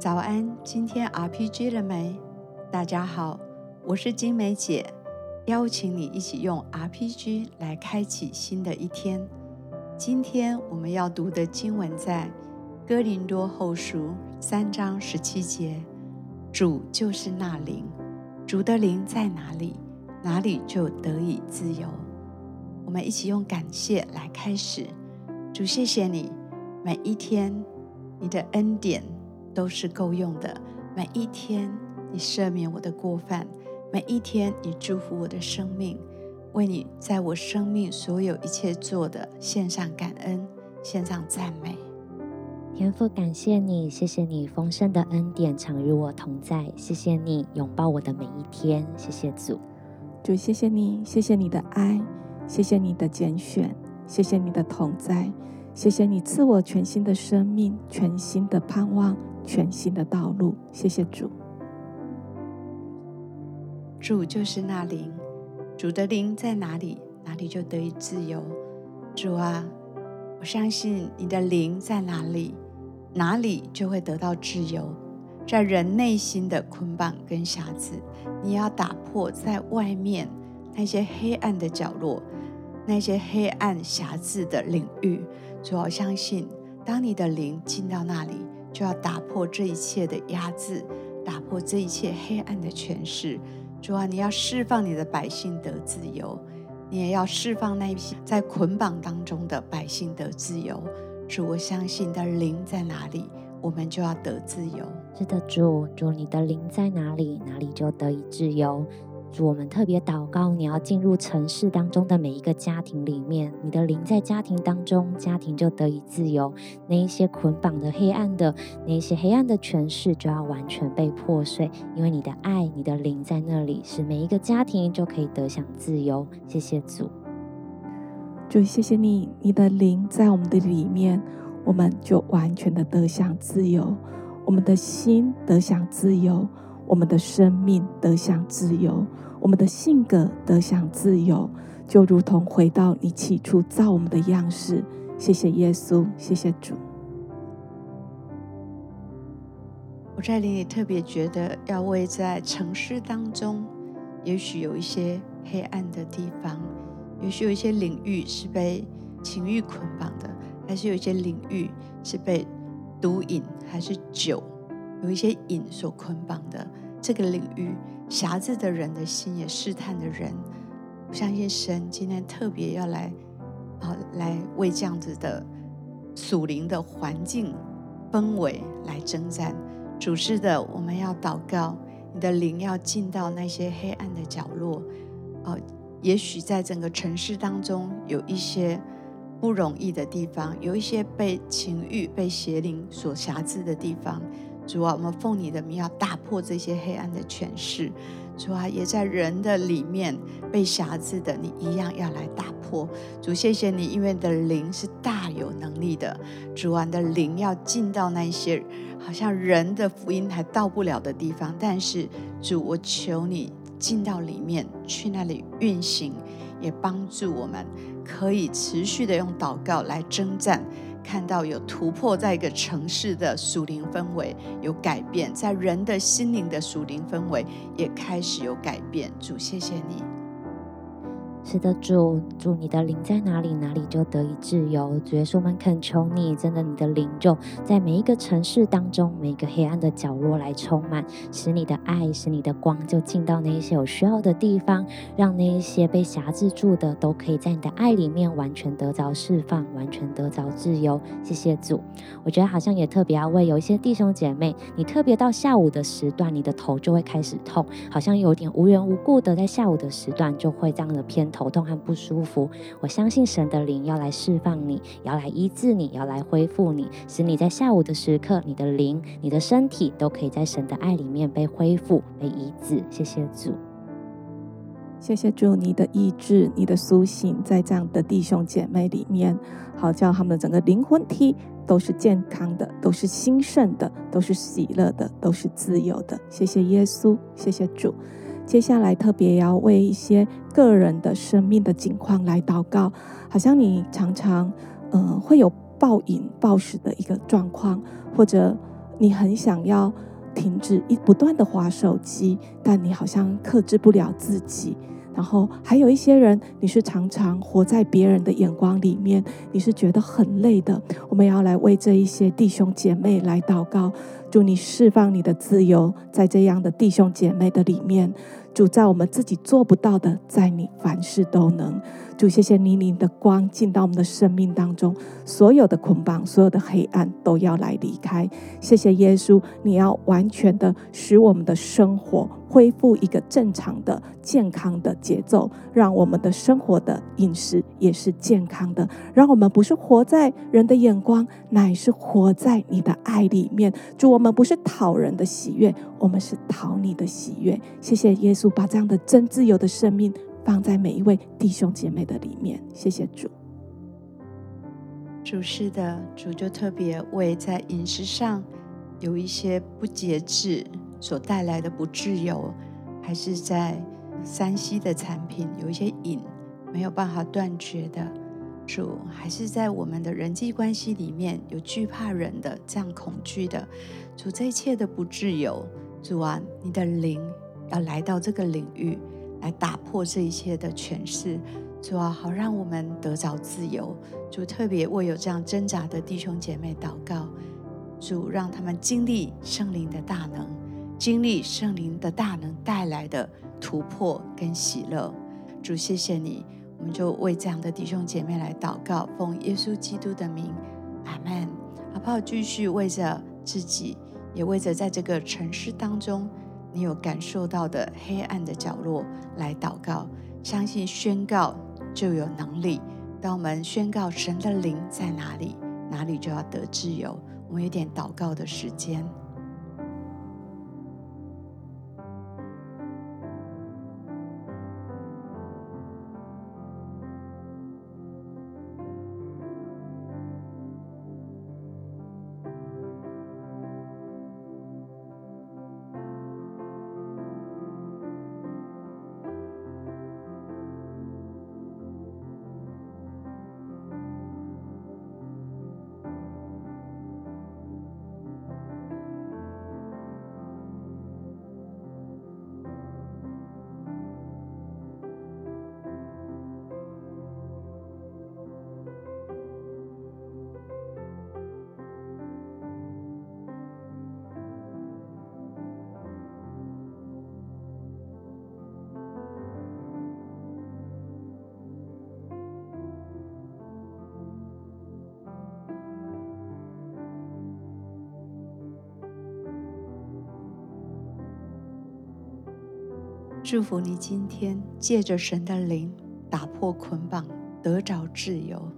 早安，今天 RPG 了沒？大家好，我是晶玫姊，邀請你一起用 RPG 來開啟新的一天。今天我們要讀的經文在《哥林多後書》三章十七節：“主就是那靈，主的靈在哪裡，哪裡就得以自由。”我們一起用感謝來開始。主，謝謝你每一天你的恩典。都是夠用的。每一天，你赦免我的過犯；每一天，你祝福我的生命。為你在我生命所有一切做的，獻上感恩，獻上讚美。天父，感謝你，謝謝你豐盛的恩典常與我同在。謝謝你擁抱我的每一天。謝謝主，主，謝謝你，謝謝你的愛，謝謝你的揀選，謝謝你的同在，謝謝你賜我全新的生命，全新的盼望。全新的道路，謝謝主。主就是那靈，主的靈在哪裡，哪裡就得以自由。主啊，我相信你的靈在哪裡，哪裡就會得到自由。在人內心的捆綁跟轄制，你要打破。在外面那些黑暗的角落，那些黑暗轄制的領域。主啊，我相信，當你的靈進到那裡。就要打破這一切的壓制，打破這一切黑暗的權勢。主啊，你要釋放你的百姓得自由，你也要釋放那一些在捆綁當中的百姓得自由。主，我相信你的靈在哪裡，我們就要得自由。是的，主，主你的靈在哪裡，哪裡就得以自由。我們特別禱告，你要進入城市當中的每一個家庭裡面，你的靈在家庭當中，家庭就得以自由。那一些捆綁的、黑暗的，那一些黑暗的權勢就要完全被破碎，因為你的愛，你的靈在那裡，使每一個家庭就可以得享自由。謝謝主，主，謝謝你，你的靈在我們的裡面，我們就完全的得享自由，我們的心得享自由。我們的生命得享自由，我們的性格得享自由，就如同回到你起初造我們的樣式。謝謝耶穌，謝謝主。我在這裡特別覺得，要為在城市當中，也許有一些黑暗的地方，也許有一些領域是被情欲捆綁的，還是有一些領域是被毒癮，還是酒。有一些癮所捆綁的這個領域，轄制的人的心，也試探的人，我相信神今天特別要來，哦，來為這樣子的屬靈的環境氛圍來征戰。主日的我們要禱告，你的靈要進到那些黑暗的角落，哦，也許在整個城市當中有一些不容易的地方，有一些被情慾、被邪靈所轄制的地方。主啊，我們奉你的名要打破這些黑暗的權勢。主啊，也在人的裡面被轄制的，你一樣要來打破。主，謝謝你，因為你的靈是大有能力的。主啊，你的靈要進到那些好像人的福音還到不了的地方。但是主，我求你進到裡面去，那裡運行，也幫助我們可以持續的用禱告來征戰，看到有突破，在一個城市的屬靈氛圍有改變，在人的心靈的屬靈氛圍也開始有改變。主，謝謝你。是的，主，主，你的靈在哪裡，哪裡就得以自由。主耶穌，我們懇求你，真的，你的靈就在每一個城市當中，每一個黑暗的角落來充滿，使你的愛，使你的光就進到那一些有需要的地方，讓那一些被轄制住的都可以在你的愛裡面完全得着釋放，完全得着自由。謝謝主。我覺得好像也特別要為有一些弟兄姐妹，你特別到下午的時段，你的頭就會開始痛，好像有點無緣無故的在下午的時段就會這樣的偏，頭痛和不舒服，我相信神的靈要來釋放你，要來醫治你，要來恢復你，使你在下午的時刻，你的靈、你的身體都可以在神的愛裡面被恢復、被醫治。謝謝主，謝謝主，你的醫治、你的甦醒，在這樣的弟兄姐妹裡面，好叫他們的整個靈魂體都是健康的，都是興盛的，都是喜樂的，都是自由的。謝謝耶穌，謝謝主。接下來特別要為一些個人的生命的境況來禱告，好像你常常，呃，會有暴飲暴食的一個狀況，或者你很想要停止一不斷的滑手機，但你好像克制不了自己。然後還有一些人，你是常常活在別人的眼光裡面，你是覺得很累的。我們要來為這一些弟兄姐妹來禱告，祝你釋放你的自由，在這樣的弟兄姐妹的裡面，主在我們自己做不到的，在你凡事都能。主，謝謝你，你的光進到我們的生命當中，所有的捆綁、所有的黑暗都要來離開。謝謝耶穌，你要完全的使我們的生活恢復一個正常的、健康的節奏，讓我們的生活的飲食也是健康的，讓我們不是活在人的眼光，乃是活在你的愛裡面。主，我們不是討人的喜悅，我們是討你的喜悅。謝謝耶穌，把這樣的真自由的生命。放在每一位弟兄姐妹的裡面，謝謝主。主，是的，主就特別為在飲食上有一些不節制所帶來的不自由，還是在山西的產品有一些癮沒有辦法斷絕的主，還是在我們的人際關係裡面有懼怕人的這樣恐懼的主，這一切的不自由，主啊，你的靈要來到這個領域，來打破這一切的權勢，主啊，好讓我們得着自由。主特別為有這樣掙扎的弟兄姐妹禱告，主讓他們經歷聖靈的大能，經歷聖靈的大能帶來的突破跟喜樂。主謝謝你，我們就為這樣的弟兄姐妹來禱告，奉耶穌基督的名，阿門。好不好？繼續為着自己，也為着在這個城市當中。你有感受到的黑暗的角落，來禱告，相信宣告就有能力。當我們宣告神的靈在哪裡，哪裡就要得自由。我們有點禱告的時間。祝福你今天借着神的靈打破捆綁，得着自由。